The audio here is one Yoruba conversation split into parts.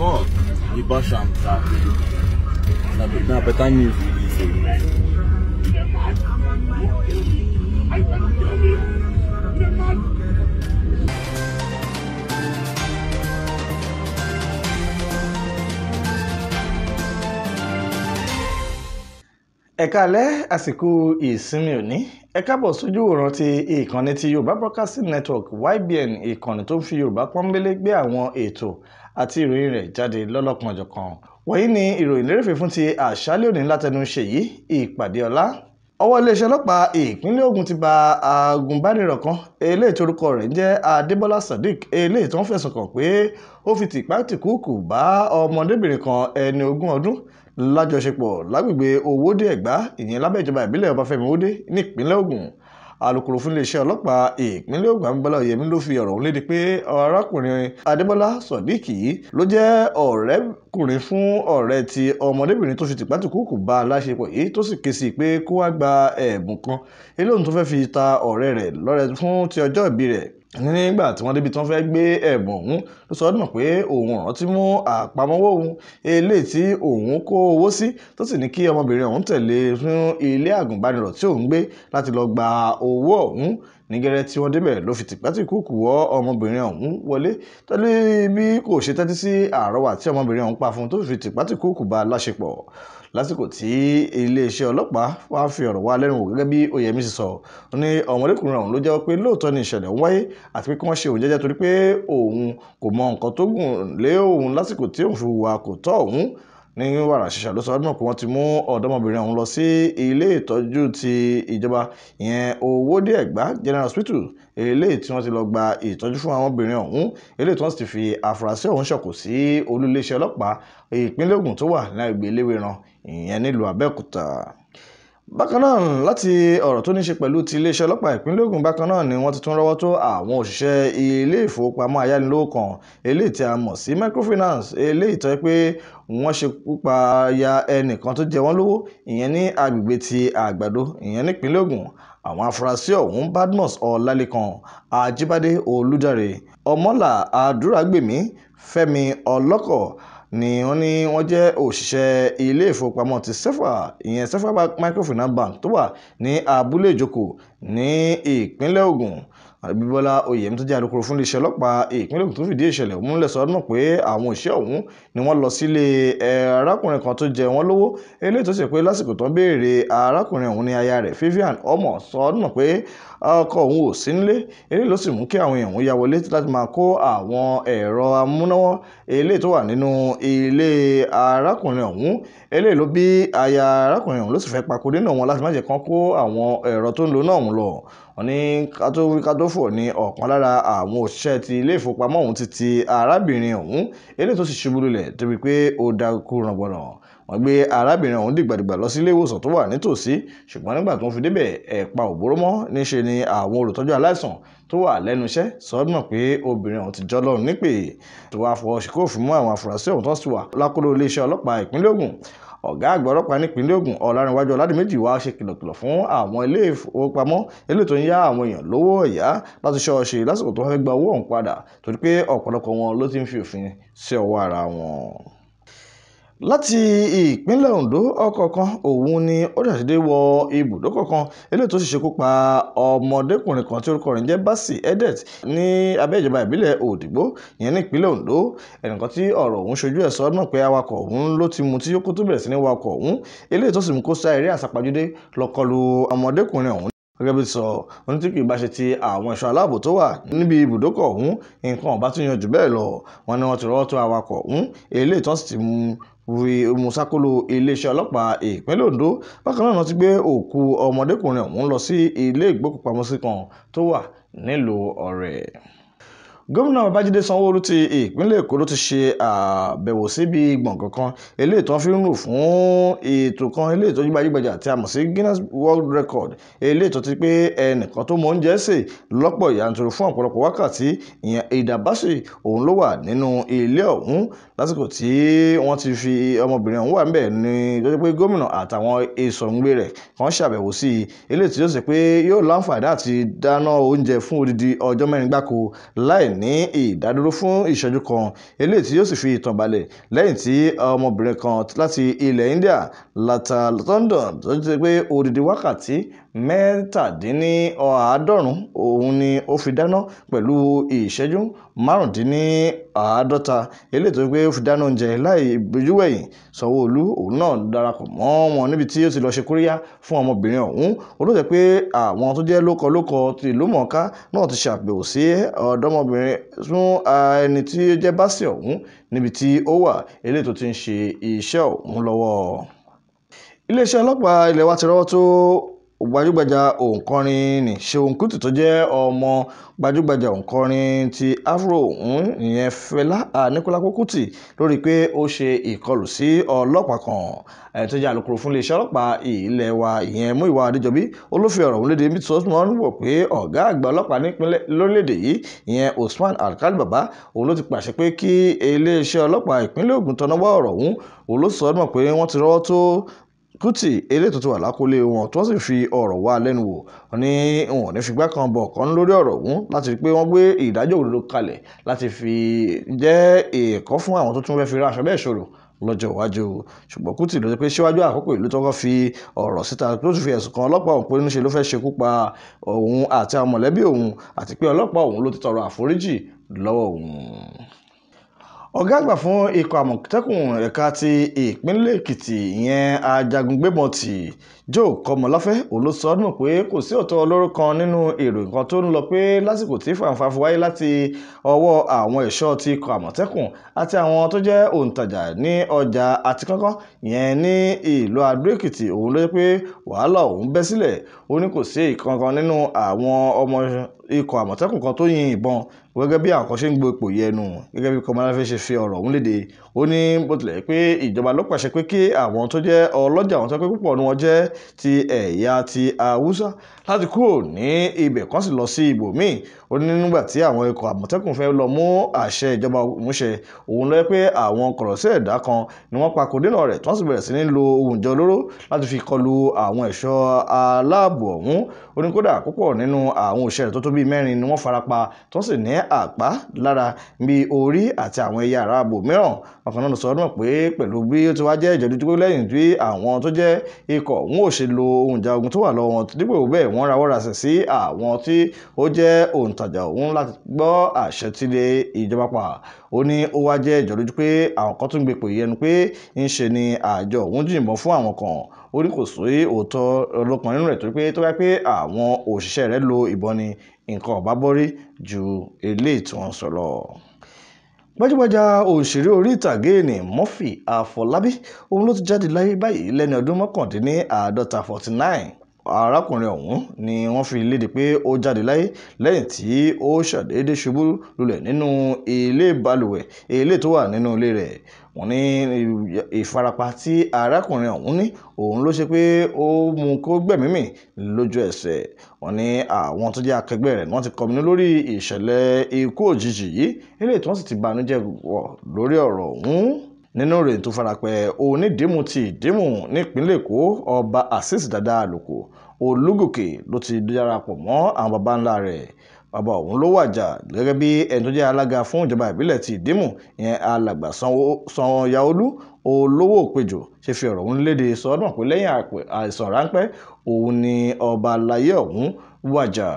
Before you bash am that na na better news you ẹ̀ka alẹ́ àsìkò ìsinmi òní ẹ káàbọ̀ sójú òòrùn ti ìkànnì ti Yorùbá Broadcasting Network YBN ìkànnì tó ń fi Yorùbá pọ́nbélé gbé àwọn ètò àti ìròyìn rẹ̀ jáde lọ́lọ́kanjọ̀kan wọ̀nyí ni ìròyìn lérèfé fún ti àṣálẹ́ òní látẹnu ṣèyí ìpàdé ọ̀la ọwọ́ iléeṣẹ́ ọlọ́pàá ìpínlẹ̀ Ògùn ti ba agùnbánirọ̀ kan eléyìí tó orúkọ rẹ̀ ń jẹ́ Adébọ́lá Sadiq eléyìí tó ń fẹ̀sùn kàn pé ó fi tìpátìkúùkù bá ọmọdébìnrin kan ẹni ogún ọdún lájọṣepọ̀ lágbègbè Owódé Ẹ̀gbá ìyẹn lábẹ́ ìjọba ìbílẹ̀ Ọbáfẹ́mi Owódé nípínlẹ̀ Ògùn alūkkóró fún iléeṣẹ́ ọlọ́pàá ìpínlẹ̀ Ògùn Abímbọ́lá Oyèyẹmí ló fi ọ̀rọ̀ ọ̀hún léde pé arákùnrin Adébọ́lá Sodiq ló jẹ́ ọ̀rẹ́kùnrin fún ọ̀rẹ́ ti ọmọdébìnrin tó fi tìpátìkúùkù bá a láṣepọ̀ yìí tó sì ké sí i pé kó wá gba ẹ̀bùn kan eléyìí tó fẹ́ fi ta ọ̀rẹ́ rẹ̀ lọ́rẹ fún ti ọjọ́ ìbí rẹ̀ nígbà tí wọ́n débi tí wọ́n fẹ́ gbé ẹ̀bùn ọ̀hún ló sọ ọ́ pé òun rántí mú àpamọ́wọ́ òun eléyìí tí òun kó owó sí tó sì ní kí ọmọbìnrin ọ̀hún tẹ̀lé e fún ilé àgùnbánirọ̀ tí òun gbé láti lọ gba owó ọ̀hún ní gẹ́rẹ́ tí wọ́n débẹ̀ ló fi tìpátìkúùkù wọ́ ọmọbìnrin ọ̀hún wọlé tẹ́lẹ̀ bí kò ṣe tẹ́tí sí àrọ́wà tí ọmọbìnrin ọ̀hún pa fún tó fi tìpátìkúùkù bá láṣepọ̀ lásìkò tí iléeṣẹ́ ọlọ́pàá wàá fi ọ̀rọ̀ wá lẹ́nu wò gẹ́gẹ́ bí oyèmí ṣe sọ ó ní ọmọdékùnrin ọ̀hún ló jẹ́wọ́ pé lóòótọ́ ni ìṣẹ̀lẹ̀ ń wáyé àti pé kí wọ́n ṣe òun jẹ́jẹ́ torí pé òun kò mọ nǹkan tó gùn lé òun lásìkò tí òun fi hùwà kò tọ́ òun ní wàrà ṣiṣà ló sọ ọdún pé wọ́n ti mú ọ̀dọ́mọbìnrin ọ̀hún lọ sí ilé ìtọ́jú ti ìjọba ìyẹn Owódé General Hospital eléyìí tí wọ́n ti lọ gba ìtọ́jú fún àwọn obìnrin ọ̀hún eléyìí tí wọ́n ti fi àfúrásì ọ̀hún ṣọ̀kò sí olú iléeṣẹ́ ọlọ́pàá ìpínlẹ̀ Ògùn tó wà lágbègbè Eléwéran ìyẹn nílùú Abẹ́òkúta bákan náà láti ọ̀rọ̀ tó ní ṣe pẹ̀lú ti iléeṣẹ́ ọlọ́pàá ìpínlẹ̀ Ògùn bákan náà ni wọ́n ti tún rọ́wọ́ tó àwọn òṣìṣẹ́ ilé ìfowópamọ́ ayánilówó kan eléyìí tí a mọ̀ sí microfinance eléyìí tó yẹ pé wọ́n ṣekú pa ya ẹnìkan tó jẹ wọ́n lówó ìyẹn ní agbègbè ti àgbàdo ìyẹn nípínlẹ̀ Ògùn àwọn afurasí ọ̀hún Badmus Ọlálékan Ajíbádé Olúdáre Ọmọlà Adúrágbèmí Fẹ́mi Ọlọ́kọ̀ ni wọ́n ní wọ́n jẹ́ òṣìṣẹ́ ilé ìfowópamọ́ ti sefa ìyẹn sefa microfinance bank tó wà ní abúlé ìjókòó ní ìpínlẹ̀ Ògùn àbíbọ́lá oyèm tó jẹ́ alukoro fún iléeṣẹ́ ọlọ́pàá ìpínlẹ̀ Ògùn tó fìdí ìṣẹ̀lẹ̀ ọ̀hún múlẹ̀ sọ náà pé àwọn òṣìṣẹ́ ọ̀hún ni wọ́n lọ sílé arákùnrin kan tó jẹ wọ́n lówó eléyìí tó sì pé lásìkò tó ń béèrè arákùnrin ọ̀hún ni aya rẹ̀ Vivian ọmọ sọ náà pé ọkọ òun ò sí nílé eléyìí ló sì mú kí àwọn èèyàn ya wọlé láti máa kó àwọn ẹ̀rọ amúnáwọ́ eléyìí tó wà nínú ilé arákùnrin ọ̀hún eléyìí ló bí aya arákùnrin ọ̀hún ló sì fẹ́ pakòdé náà wọn láti má jẹ́ kán kó àwọn ẹ̀rọ tó ń lò náà ọ̀hún lọ wọ́n ní kátó-kátó-fò ní ọ̀kan lára àwọn òṣìṣẹ́ ti ilé ìfowópamọ́ ọ̀hún ti ti arábìnrin ọ̀hún eléyìí tó sì ṣubú lulẹ̀ débi pé ó dákú ràngbọ̀nà wọ́n gbé arábìnrin ọ̀hún dìgbàdìgbà lọ sí ilé ìwòsàn tó wà nítòsí ṣùgbọ́n nígbà tó ń fi débẹ̀ ẹ̀pa òbóró mọ́ níṣe ni àwọn olùtọ́jú aláìsàn tó wà lẹ́nu iṣẹ́ sọ́dún pé obìnrin ọ̀hún ti jọ́ lọ́rùn nípè tó wàá fọwọ́ sí kóòfù mú àwọn afurasí ọ̀hún tó sì wà lákòlò iléeṣẹ́ ọlọ́pàá ìpínlẹ̀ Ògùn ọ̀gá àgbà ọlọ́pàá nípìnlẹ̀ Ògùn Ọ̀làrìnwájú Ọ̀làdìmẹ́jì wá ṣe kìlọ̀kìlọ̀ fún àwọn ilé ìfowópamọ́ eléyìí tó ń yá àwọn èèyàn lówó ọ̀yá láti ṣọ́ọ̀ṣì lásìkò tó wá fẹ́ gba owó ọ̀hún padà torí pé ọ̀pọ̀lọpọ̀ wọn ló ti ń fi òfin sí ọwọ́ ara wọn láti ìpínlẹ̀ ondo ọkọ̀ kan ọ̀hún ni ó ṣàdédé wọ ibùdókọ̀ kan eléyìí tó sì ṣekú pa ọmọdékùnrin kan tí orúkọ rẹ̀ ń jẹ́ basi edet ní abẹ́ ìjọba ìbílẹ̀ òdìgbò ìyẹn ní ìpínlẹ̀ ondo ẹnìkan tí ọ̀rọ̀ ọ̀hún ṣojú ẹ̀ sọ náà pé awakọ̀ ọ̀hún ló ti mu tí yókù tó bẹ̀rẹ̀ sí ní wakọ̀ ọ̀hún eléyìí tó sì mú kó sá eré àsápajúdé lọ ọmọdékùnrin ọ̀hún gẹ́gẹ́ bí sọ oní tí ti àwọn ẹ̀ṣọ́ aláàbò tó wà níbi ibùdókọ̀ ọ̀hún nǹkan ọ̀bá tún yanjú bẹ́ẹ̀ lọ wọn ni wọ́n ti rọ́ọ̀tún awakọ̀ ọ̀hún èlé ìtọ́sí ti mú musakolo iléeṣẹ́ ọlọ́pàá ìpínlẹ̀ ondo bákan náà ti gbé òkú ọmọdékùnrin ọ̀hún lọ sí ilé ìgbókùpamọ́sí kan tó wà nílùú ọ̀rẹ́ gómìnà babájídé sanwóoru ti ìpínlẹ̀ èkó ló ti ṣe àbẹ̀wò síbi gbọ̀ngàn kan eléyìí tó ń fi ń rù fún ètò kan eléyìí tó gbajúgbajà tí a sí guinness world record eléyìí tó ti pé ẹnìkan tó mọ oúnjẹ sè lọ́pọ̀ yanturu fún ọ̀pọ̀lọpọ̀ wákàtí ìyẹn ìdàbàṣe òun ló wà nínú ilé ọ̀hún lásìkò tí wọ́n ti fi ọmọbìnrin ọ̀hún wà ńbẹ̀ ni tó ti pé gómìnà àtàwọn ìsọ̀ǹgbé rẹ̀ kan ṣàbẹ̀wò sí i eléyìí tí yóò sì pé yóò láǹfààní àti dáná ní ìdádúró fún ìṣẹ́jú kan eléyìí tí yóò sì fi ìtàn balẹ̀ lẹ́yìn tí ọmọbìnrin kan láti ilẹ̀ India Lata London tó ti pé odidi wákàtí mẹ́tàdínníàádọ́rùn-ún ọ̀hún ni ó fi dáná pẹ̀lú ìṣẹ́jú márùndínláàádọ́ta eléyìí tó pé ó fi dáná oúnjẹ láì bojú wẹ̀yìn sanwó-olu òun náà darapọ̀ mọ́ wọn níbi tí ó ti lọ́ọ́ ṣe kóríyá fún ọmọbìnrin ọ̀hún olóòtú pé àwọn tó jẹ́ lókọlókọ ti ìlú mọ̀ọ́ká náà ti ṣàbẹ̀wò sí ọ̀dọ́mọbìnrin fún ẹni tí ó jẹ́ báṣẹ̀ ọ̀hún níbi tí ó wà eléyìí ti ń ṣe iṣẹ́ ọ̀hún lọ́wọ́ iléeṣẹ́ ọlọ́pàá ilé wa ti rọ́wọ́ tó gbajúgbajà òǹkọrin nni ṣeun kùtì tó jẹ́ ọmọ gbajúgbajà òǹkọrin ti afro ọ̀hún ìyẹn fẹlá aníkúlápó kùtì lórí pé ó ṣe ìkọlù sí ọlọ́pàá kan tó jẹ́ alukoro fún iléeṣẹ́ ọlọ́pàá ilẹ̀ wa ìyẹn Múyìwá Adéjọbí olófin ọ̀rọ̀ òun léde níbi tí wọ́n ń wò pé ọ̀gá àgbà ọlọ́pàá nípínlẹ̀ lórílẹ̀ yìí ìyẹn Usman Alkali Baba òun ló ti pàṣẹ pé kí iléeṣẹ́ ọlọ́pàá ìpínlẹ̀ Ògùn tọ́nà wá ọ̀rọ̀ ọ̀hún òun ló sọ ọ́ pé wọ́n ti rọ́wọ́ tó Kuti eléyìí tó ti wà lákòólé wọn tí wọ́n sì fi ọ̀rọ̀ wá lẹ́nu wò ní wọn ò ní fìgbà kan bọ̀ kan lórí ọ̀rọ̀ ọ̀hún láti rí i pé wọ́n gbé ìdájọ́ òdodo kalẹ̀ láti fi jẹ́ ẹ̀kọ́ fún àwọn tó tún fẹ́ fi ra aṣọ bẹ́ẹ̀ ṣòro lọ́jọ́ iwájú ṣùgbọ́n Kútì ló ti pé síwájú àkókò ìlú tọ́kọ́ fi ọ̀rọ̀ síta ló ti fi ẹ̀sùn kan ọlọ́pàá òun pé níṣe ló fẹ́ ṣekú pa òun àti àwọn mọ̀lẹ́bí òun àti pé ọlọ́pàá òun ló ti tọrọ àforíjì lọ́wọ́ òun ọ̀gá àgbà fún ikọ̀ àmọ̀tẹ́kùn ẹ̀ka ti ìpínlẹ̀ èkìtì ìyẹn ajagun gbébọn t joe kọmọláfẹ́ òun ló sọ ọ́ dùn pé kò sí òótọ́ olóró kan nínú ìròyìn kan tó ń lọ pé lásìkò tí fàǹfà fi wáyé láti ọwọ́ àwọn ẹ̀ṣọ́ ti ikọ̀ àmọ̀tẹ́kùn àti àwọn tó jẹ́ òǹtajà ní ọjà àtikọ́kọ́ ìyẹn ní ìlú adó-èkìtì òun ló jẹ́ pé wàhálà òun bẹ́ sílẹ̀ ó ní kò sí ìkankan nínú àwọn ọmọ ikọ̀ àmọ̀tẹ́kùn kan tó yin ìbọn gẹ́gẹ́ bí àwọn kan ṣe ń gbo ipò yẹnu gẹ́gẹ́ bí kọmọláfẹ́ ṣe fi ọ̀rọ̀ ọ̀hún léde ó ní bó tilẹ̀ pé ìjọba ló pàṣẹ pé kí àwọn tó jẹ́ ọlọ́jà àwọn tó pé púpọ̀ ní wọn jẹ́ ti ẹ̀yà ti haúsá láti kúrò ní ibẹ̀ kan sì lọ sí ibòmíì ó ní nígbà tí àwọn ikọ̀ àmọ̀tẹ́kùn fẹ́ lọ mú àṣẹ ìjọba múṣẹ òun lọ pé àwọn kọ̀rọ̀sẹ̀ ẹ̀dá kan ni wọ́n pa kòdínà rẹ̀ tí wọ́n sì bẹ̀rẹ̀ sí ní lo ohun ìjà olóró láti fi kọlu àwọn ẹ̀ṣọ́ aláàbò ọ̀hún ó ní kódà púpọ̀ nínú àwọn òṣèré tó tó bíi mẹ́rin ni wọ́n pa tí wọ́n sì ní àpá lára bíi orí àti àwọn ẹ̀yà ara ààbò mìíràn ọkàn náà sọ ọdún pé pẹ̀lú bí ó ti wá jẹ́ ìjẹ́dúdúgbò lẹ́yìn ṣe lo ohun ìjà ogun tó wà lọ́wọ́ wọn dípò bẹ́ẹ̀ wọ́n rawọ́ rasẹ̀ sí àwọn tí ó jẹ́ òǹtajà òun láti gbọ́ àṣẹ tílé ìjọba pa ó ní ó wá jẹ́ ìjọ́lójú pé àwọn kan tún gbé pè yẹnu pé ń ṣe ni àjọ òun jìnbọn fún àwọn kan ó ní kò sí òótọ́ ọlọ́pàá nínú rẹ̀ tó pé tó bá pé àwọn òṣìṣẹ́ rẹ̀ lo ìbọn ni nǹkan ọ̀bá bọ́rí ju eléyìí tí wọ́n sọ lọ gbajúgbajà òṣèré orí ìtàgé ní Murphy Àfọlábí òun ló ti jáde láyé báyìí lẹ́ni ọdún mọ́kàndínláàádọ́ta forty nine arákùnrin ọ̀hún ni wọ́n fi léde pé ó jáde láyé lẹ́yìn tí ó ṣàdédé ṣubú lulẹ̀ nínú ilé balùwẹ̀ ilé tó wà nínú ilé rẹ̀ wọ́n ní ìfarapa tí arákùnrin ọ̀hún ní òun ló ṣe pé ó mú kó gbẹ̀mímì lójú ẹsẹ̀ wọ́n ní àwọn tó jẹ́ akẹgbẹ́ rẹ̀ wọ́n ti kọminú lórí ìṣẹ̀lẹ̀ ikú òjijì yìí eléyìí tí wọ́n sì ti banújẹ́ wọ̀ lórí ọ̀rọ̀ ọ̀hún nínú rẹ̀ tó farapẹ́ onídìímù ti ìdìímù nípínlẹ̀ èkó ọba azeez dada àlùkò olúgòkè ló ti darapọ̀ mọ́ àwọn baba ńlá rẹ̀ bàbá òun ló wàjà gẹ́gẹ́ bí ẹni tó jẹ́ alága fún ìjọba ìbílẹ̀ ti ìdímù ìyẹn alàgbà sanwó-yaolú olówó òpejò ṣe fi ọ̀rọ̀ òun léde sọ́dún pé lẹ́yìn àìsàn ráńpẹ́ òun ni ọba alayé ọ̀hún wàjà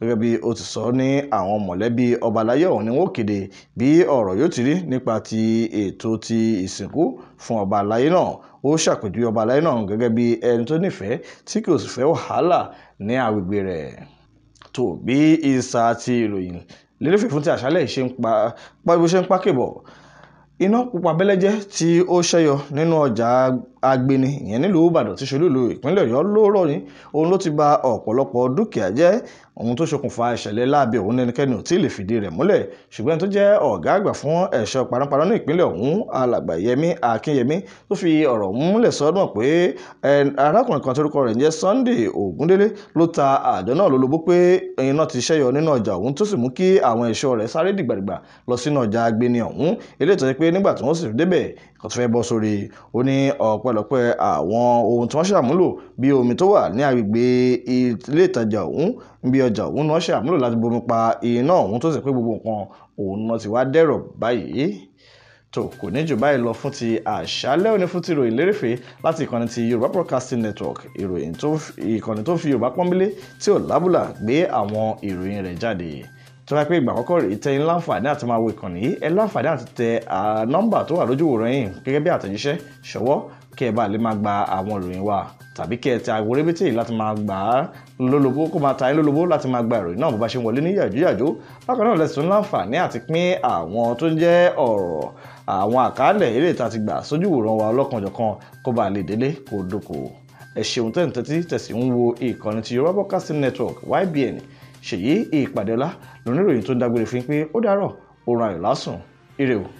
gẹ́gẹ́ bí ó ti sọ ní àwọn mọ̀lẹ́bí ọba aláyé ọ̀hún ni wọ́n kéde bí ọ̀rọ̀ yóò ti rí nípa ti ètò ti ìsìnkú fún ọba aláyé náà ó ṣàpèjúwe ọba aláyé náà gẹ́gẹ́ bí ẹni tó nífẹ̀ẹ́ tí kò sì fẹ́ wàhálà ní agbègbè rẹ̀ tó bí ìsà ti ìròyìn lérèfé fún ti àṣálẹ̀ ṣe ń pa bó ṣe ń pákèbọ̀ iná pupa bẹ́lẹ́jẹ́ tí ó ṣẹ́yọ nínú ọjà agbeni ìyẹn nílùú ìbàdàn tí ṣolúlu ìpínlẹ̀ ọ̀yọ́ ló rọ̀ òun ló ti bà ọ̀pọ̀lọpọ̀ dúkìá jẹ́ ohun tó ṣokùnfà ìṣẹ̀lẹ̀ láabi ọ̀hún ẹnikẹ́ni ò tí ì lè fìdí rẹ̀ múlẹ̀ ṣùgbọ́n tó jẹ́ ọ̀gá àgbà fún ẹ̀ṣọ́ panápaná ní ìpínlẹ̀ ọ̀hún alàgbà yẹmí akínyẹmí tó fi ọ̀rọ̀ ọ̀hún múlẹ̀ sọ́dún pé arákùnrin kan torúkọ rẹ̀ ń jẹ́ sunday ògúndélé ló ta àjọ náà lólobó pé iná ti ṣẹ́yọ nínú ọjà ọ̀hún tó sì mú kí àwọn ẹ̀ṣọ́ rẹ̀ sáré dìgbàdìgbà lọ sínú ọjà agbeni ọ̀hún eléyìí tó ṣe pé nígbà tí wọ́n sì débẹ̀ kò tó fẹ́ bọ́ sórí níbi ọjà òun náà ṣàmúlò láti bomi pa iná ọ̀hún tó sì pé gbogbo nǹkan òun náà ti wá dẹ̀rọ̀ báyìí tó kò ní jù báyìí lọ fún ti àṣálẹ́ òní fún ti ìròyìn lérèfé láti ìkànnì ti Yorùbá Broadcasting Network ìròyìn tó ìkànnì tó fi Yorùbá pọ́nbílé tí ò lábùlà gbé àwọn ìròyìn rẹ̀ jáde tó bá pé ìgbà àkọ́kọ́ rèé tẹ yín láǹfààní àti máa wo ìkànnì yìí ẹ láǹfààní àti tẹ nọ́mbà tó wà lójú wòran yìí gẹ́gẹ́ bí àtẹ̀jíṣẹ́ ṣọwọ́ kí ẹ bá lè máa gba àwọn ìròyìn wa tàbí kí ẹ tẹ àwo rébétè yìí láti máa gbà á lólobó kó máa ta yín lólobó láti máa gba ìròyìn náà bó bá ṣe ń wọlé ní yàjóyàjó bákan náà lẹ́sùn láǹfààní àti pín àwọn tó ń jẹ́ ọ̀rọ̀ àwọn àkàálẹ̀ eré ìta ti gbà sójú ìwòran wa ọlọ́kanjọ̀kan kó bá lè délé kó dóko ẹ ṣeun tẹ́ tẹ̀sí ń wo ìkànnì ti Yorùbá Broadcasting Network YBN ṣèyí ìpàdé ọlá lóníròyìn tó ń dágbére fi pé ó dárọ̀ oorun ayọ̀ lásùn ire